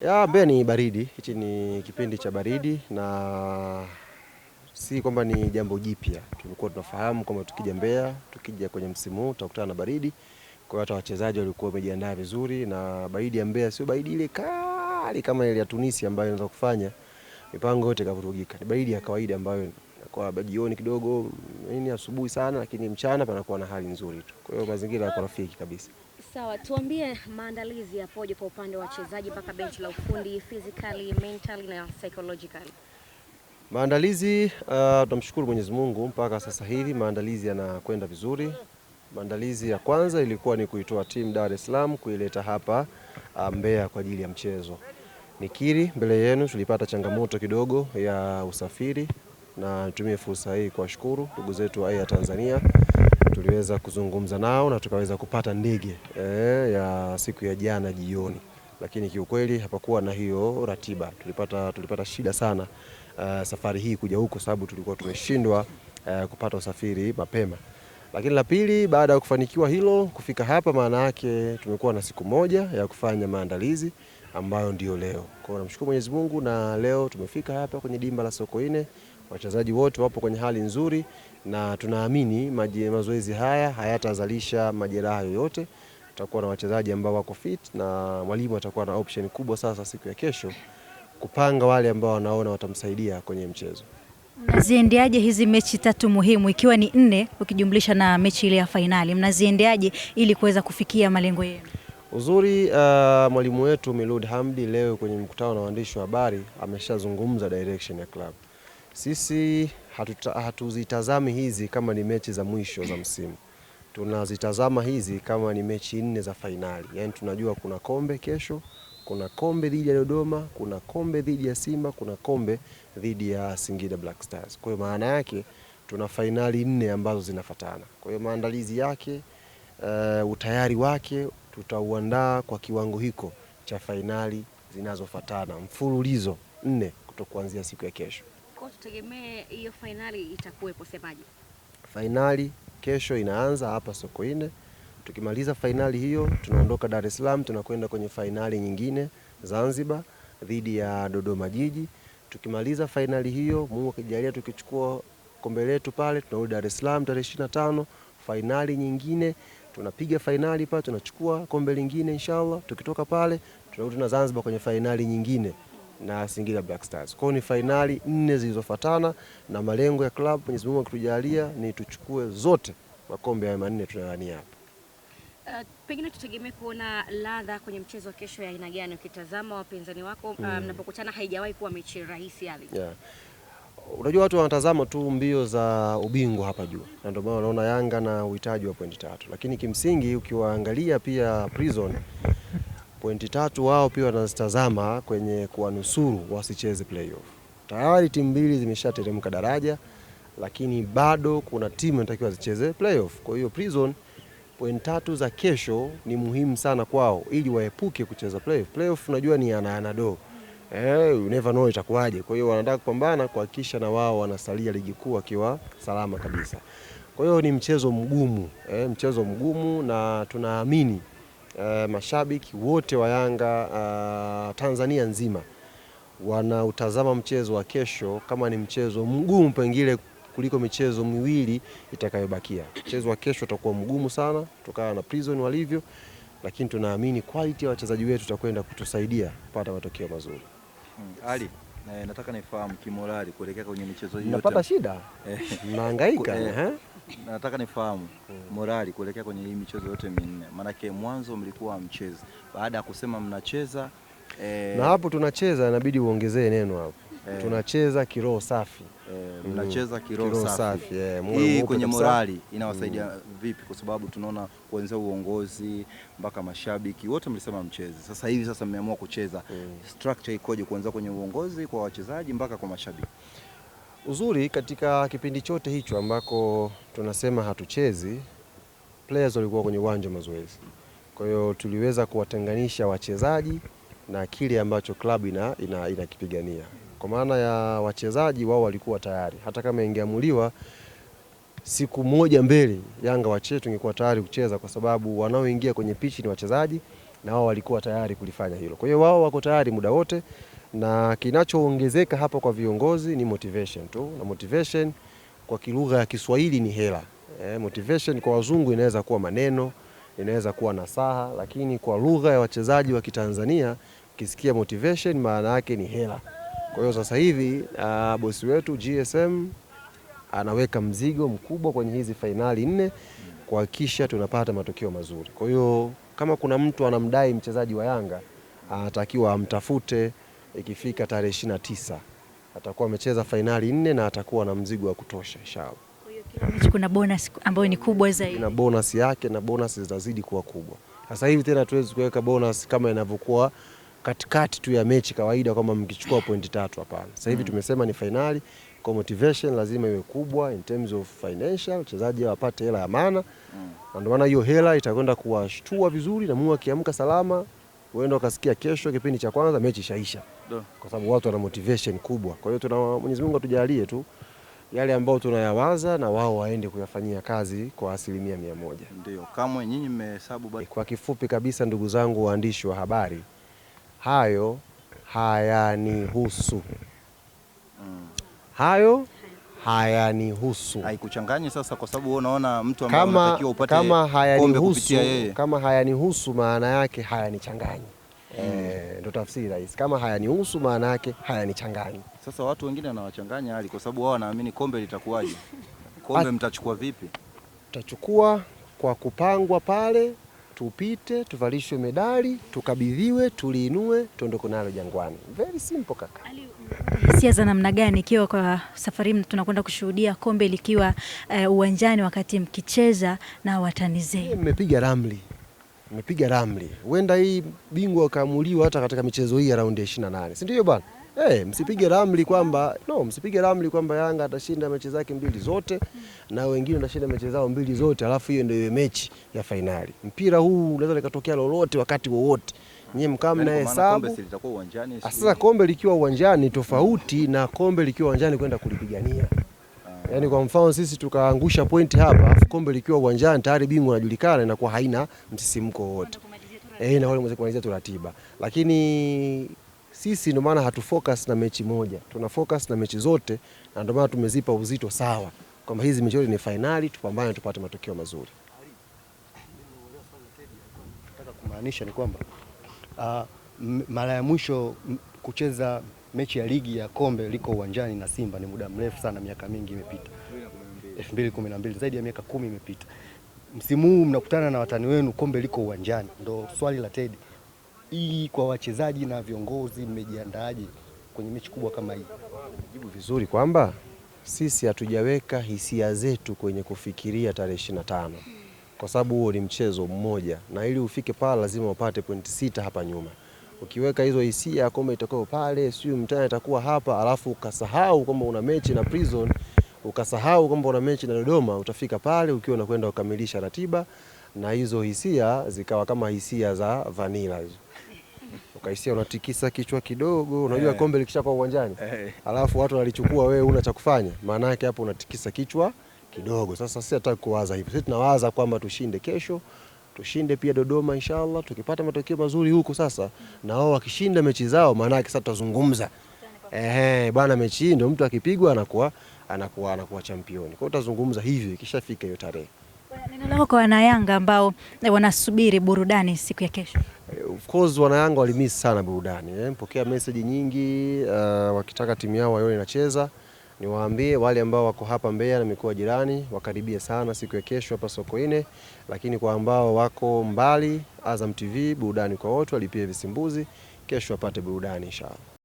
Ya Mbeya ni baridi, hichi ni kipindi cha baridi na si kwamba ni jambo jipya. Tulikuwa tunafahamu kwamba tukija Mbeya, tukija kwenye msimu huu tutakutana na baridi. Kwa hiyo hata wachezaji walikuwa wamejiandaa vizuri, na baridi ya Mbeya sio baridi ile kali kama ile ya Tunisia ambayo inaweza kufanya mipango yote ikavurugika. Ni baridi ya kawaida ambayo kwa jioni kidogo nini, yaani asubuhi sana, lakini mchana panakuwa na hali nzuri tu. Kwa hiyo mazingira yako rafiki kabisa. Sawa, tuambie maandalizi yapoje kwa upande wa wachezaji mpaka benchi la ufundi physically, mentally na psychologically? Maandalizi uh, tunamshukuru uh, Mwenyezi Mungu mpaka sasa hivi maandalizi yanakwenda vizuri. Maandalizi ya kwanza ilikuwa ni kuitoa timu Dar es Salaam kuileta hapa uh, Mbeya kwa ajili ya mchezo. Nikiri mbele yenu, tulipata changamoto kidogo ya usafiri, na nitumie fursa hii kuwashukuru ndugu zetu wa Air Tanzania tuliweza kuzungumza nao na tukaweza kupata ndege eh, ya siku ya jana jioni, lakini kiukweli hapakuwa na hiyo ratiba. Tulipata, tulipata shida sana uh, safari hii kuja huko sababu tulikuwa tumeshindwa uh, kupata usafiri mapema. Lakini la pili, baada ya kufanikiwa hilo kufika hapa, maana yake tumekuwa na siku moja ya kufanya maandalizi ambayo ndiyo leo. Kwa hiyo namshukuru Mwenyezi Mungu na leo tumefika hapa kwenye dimba la Sokoine Wachezaji wote wapo kwenye hali nzuri na tunaamini mazoezi haya hayatazalisha majeraha yoyote. Tutakuwa na wachezaji ambao wako fit na mwalimu atakuwa na option kubwa sasa siku ya kesho kupanga wale ambao wanaona watamsaidia kwenye mchezo. Mnaziendeaje hizi mechi tatu muhimu ikiwa ni nne ukijumlisha na mechi ile ya fainali, mnaziendeaje ili kuweza kufikia malengo yenu? Uzuri uh, mwalimu wetu Milud Hamdi leo kwenye mkutano na waandishi wa habari ameshazungumza direction ya klabu. Sisi hatuzitazami hizi kama ni mechi za mwisho za msimu, tunazitazama hizi kama ni mechi nne za fainali. Yaani tunajua kuna kombe kesho, kuna kombe dhidi ya Dodoma, kuna kombe dhidi ya Simba, kuna kombe dhidi ya Singida Black Stars. Kwa hiyo maana yake tuna fainali nne ambazo zinafatana. Kwa hiyo maandalizi yake, uh, utayari wake tutauandaa kwa kiwango hiko cha fainali zinazofatana mfululizo nne kuto kuanzia siku ya kesho tutegemee hiyo fainali itakuwepo semaji? Fainali kesho inaanza hapa Sokoine. Tukimaliza fainali hiyo, tunaondoka Dar es Salaam tunakwenda kwenye fainali nyingine Zanzibar dhidi ya Dodoma Jiji. Tukimaliza fainali hiyo, Mungu akijalia, tukichukua kombe letu pale, tunarudi Dar es Salaam tarehe 25 fainali nyingine tunapiga fainali pale, tunachukua kombe lingine inshallah. Tukitoka pale tunarudi na Zanzibar kwenye fainali nyingine na Singida Black Stars. Kwao ni fainali nne zilizofuatana na malengo ya klabu Mwenyezi Mungu akitujalia ni tuchukue zote makombe haya manne tunayoania hapa. Uh, pengine tutegemee kuona ladha kwenye mchezo wa kesho ya aina gani ukitazama wapinzani wako eh, hmm. mnapokutana? Um, haijawahi kuwa mechi rahisi hivi. Yeah. Unajua watu wanatazama tu mbio za ubingwa hapa juu, na ndio maana wanaona Yanga na uhitaji wa pointi tatu, lakini kimsingi ukiwaangalia pia Prison pointi tatu wao pia wanazitazama kwenye kuwanusuru wasicheze playoff. Tayari timu mbili zimeshateremka daraja, lakini bado kuna timu inatakiwa zicheze playoff. Kwa hiyo Prison pointi tatu za kesho ni muhimu sana kwao ili waepuke kucheza playoff. Playoff unajua ni ana ana do eh, you never know itakuwaje. Kwa hiyo wanataka kupambana kuhakikisha na wao wanasalia ligi kuu wakiwa salama kabisa. Kwa hiyo ni mchezo mgumu eh, mchezo mgumu na tunaamini uh, mashabiki wote wa Yanga uh, Tanzania nzima wanautazama mchezo wa kesho kama ni mchezo mgumu pengine kuliko michezo miwili itakayobakia. Mchezo wa kesho utakuwa mgumu sana kutokana na Prison walivyo, lakini tunaamini quality ya wachezaji wetu itakwenda kutusaidia kupata matokeo mazuri. Hmm. Ali Eh, nataka nifahamu kimorali kuelekea kwenye michezo hiyo. Napata shida. Eh. Naangaika, eh, eh. Nataka nifahamu morali kuelekea kwenye hii michezo yote minne. Maanake mwanzo mlikuwa mchezi, baada ya kusema mnacheza eh... na hapo tunacheza inabidi uongezee neno hapo eh. Tunacheza kiroho safi eh, mm. mnacheza kiroho safi, safi. Eh, hii kwenye morali inawasaidia mm. Vipi? Kwa sababu tunaona kuanzia uongozi mpaka mashabiki wote mlisema mcheze, sasa hivi sasa mmeamua kucheza mm. Structure ikoje kuanzia kwenye uongozi kwa wachezaji mpaka kwa mashabiki? Uzuri katika kipindi chote hicho ambako tunasema hatuchezi, players walikuwa kwenye uwanja mazoezi, kwa hiyo tuliweza kuwatenganisha wachezaji na kile ambacho klabu ina, ina, inakipigania kwa maana ya wachezaji wao walikuwa tayari, hata kama ingeamuliwa siku moja mbele Yanga wacheze, tungekuwa tayari kucheza, kwa sababu wanaoingia kwenye pichi ni wachezaji na wao walikuwa tayari kulifanya hilo. Kwa hiyo wao wako tayari muda wote, na kinachoongezeka hapa kwa viongozi ni motivation tu, na motivation kwa kilugha ya Kiswahili ni hela. Eh, motivation kwa wazungu inaweza kuwa maneno, inaweza kuwa nasaha, lakini kwa lugha ya wachezaji wa Kitanzania kisikia motivation maana yake ni hela. Kwa hiyo sasa hivi uh, bosi wetu GSM anaweka mzigo mkubwa kwenye hizi fainali nne kuhakikisha tunapata matokeo mazuri. Kwa hiyo kama kuna mtu anamdai mchezaji wa Yanga anatakiwa amtafute, ikifika tarehe ishirini na tisa atakuwa amecheza fainali nne na atakuwa na mzigo wa kutosha inshallah. Kuna bonus ambayo ni kubwa zaidi. Kuna bonus yake na bonus zitazidi kuwa kubwa. Sasa hivi tena tuwezi kuweka bonus kama inavyokuwa katikati tu ya mechi kawaida, kwamba mkichukua pointi tatu. Hapana, sasa hivi mm. tumesema ni fainali, kwa motivation lazima iwe kubwa in terms of financial, wachezaji wapate hela ya maana mm. na ndio maana hiyo hela itakwenda kuwashtua vizuri, na mwa akiamka salama uenda ukasikia kesho kipindi cha kwanza mechi ishaisha, kwa sababu watu wana motivation kubwa. Kwa hiyo tuna Mwenyezi Mungu atujalie tu yale ambayo tunayawaza na wao waende kuyafanyia kazi kwa asilimia mia moja. Ndio, kama nyinyi mmehesabu. Kwa kifupi kabisa, ndugu zangu waandishi wa habari hayo hayanihusu, hayo hayanihusu. Haikuchanganyi sasa, kwa sababu wewe unaona mtu ambaye unatakiwa upate kama hayanihusu, kama hayanihusu maana yake hayanichanganyi. E, eh, ndo tafsiri rahisi. Kama hayanihusu maana yake hayanichanganyi. Sasa watu wengine wanawachanganya hali, kwa sababu wao wanaamini kombe litakuwaje? Kombe mtachukua vipi? Tutachukua kwa kupangwa pale tupite, tuvalishwe medali, tukabidhiwe, tuliinue, tuondoke nalo jangwani. Very simple kaka. Hisia za namna gani ikiwa kwa safari tunakwenda kushuhudia kombe likiwa uh, uwanjani wakati mkicheza na watani zenu? Mmepiga ramli, mmepiga ramli. Huenda hii bingwa akaamuliwa hata katika michezo hii ya raundi ya 28, si ndio bwana? Hey, eh, msipige ramli kwamba no, msipige ramli kwamba Yanga atashinda mechi zake mbili zote na wengine watashinda mechi zao mbili zote, alafu hiyo ndio iwe mechi ya fainali. Mpira huu unaweza likatokea lolote wakati wowote nyie mkaa mna hesabu sasa. Kombe likiwa uwanjani tofauti na kombe likiwa uwanjani kwenda kulipigania. Ah. Yaani kwa mfano sisi tukaangusha pointi hapa, afu kombe likiwa uwanjani tayari bingwa anajulikana, inakuwa haina msisimko wote, eh, na wale mweze kumalizia tu ratiba lakini sisi ndio maana hatu focus na mechi moja, tuna focus na mechi zote, na ndio maana tumezipa uzito sawa, kwamba hizi mechi zote ni fainali, tupambane tupate matokeo mazuri. Kumaanisha ni kwamba uh, mara ya mwisho kucheza mechi ya ligi ya kombe liko uwanjani na Simba ni muda mrefu sana, miaka mingi imepita, 2012 zaidi ya miaka kumi imepita. Msimu huu mnakutana na watani wenu, kombe liko uwanjani. Ndo swali la Tedi, hii kwa wachezaji na viongozi, mmejiandaaje kwenye mechi kubwa kama hii? Jibu vizuri kwamba sisi hatujaweka hisia zetu kwenye kufikiria tarehe ishirini na tano kwa sababu huo ni mchezo mmoja, na ili ufike pale lazima upate pointi sita hapa nyuma. Ukiweka hizo hisia kwamba itakuwa pale, sio mtani itakuwa hapa, alafu ukasahau kwamba una mechi na Prison, ukasahau kwamba una mechi na Dodoma, utafika pale ukiwa unakwenda kukamilisha ratiba na hizo hisia zikawa kama hisia za vanilla hizo ukaisia unatikisa kichwa kidogo, unajua hey. Eh. Kombe likishakuwa uwanjani hey. Eh. Alafu watu wanalichukua wewe una cha kufanya, maana yake hapo unatikisa kichwa kidogo. Sasa sisi hataki kuwaza hivyo, sisi tunawaza kwamba tushinde kesho, tushinde pia Dodoma inshallah. Tukipata matokeo mazuri huko sasa, na wao wakishinda mechi zao, maana yake sasa tutazungumza ehe, bwana, mechi hii ndio mtu akipigwa anakuwa anakuwa anakuwa championi. Kwa hiyo tutazungumza hivyo ikishafika hiyo tarehe. Neno lako kwa Wanayanga ambao wanasubiri burudani siku ya kesho. Of course wanayanga walimiss sana burudani eh. Mpokea message nyingi uh, wakitaka timu yao waione inacheza. Niwaambie wale ambao wako hapa Mbeya na mikoa jirani wakaribie sana siku ya kesho hapa Sokoine, lakini kwa ambao wako mbali, Azam TV burudani kwa wote, walipie visimbuzi kesho wapate burudani inshallah.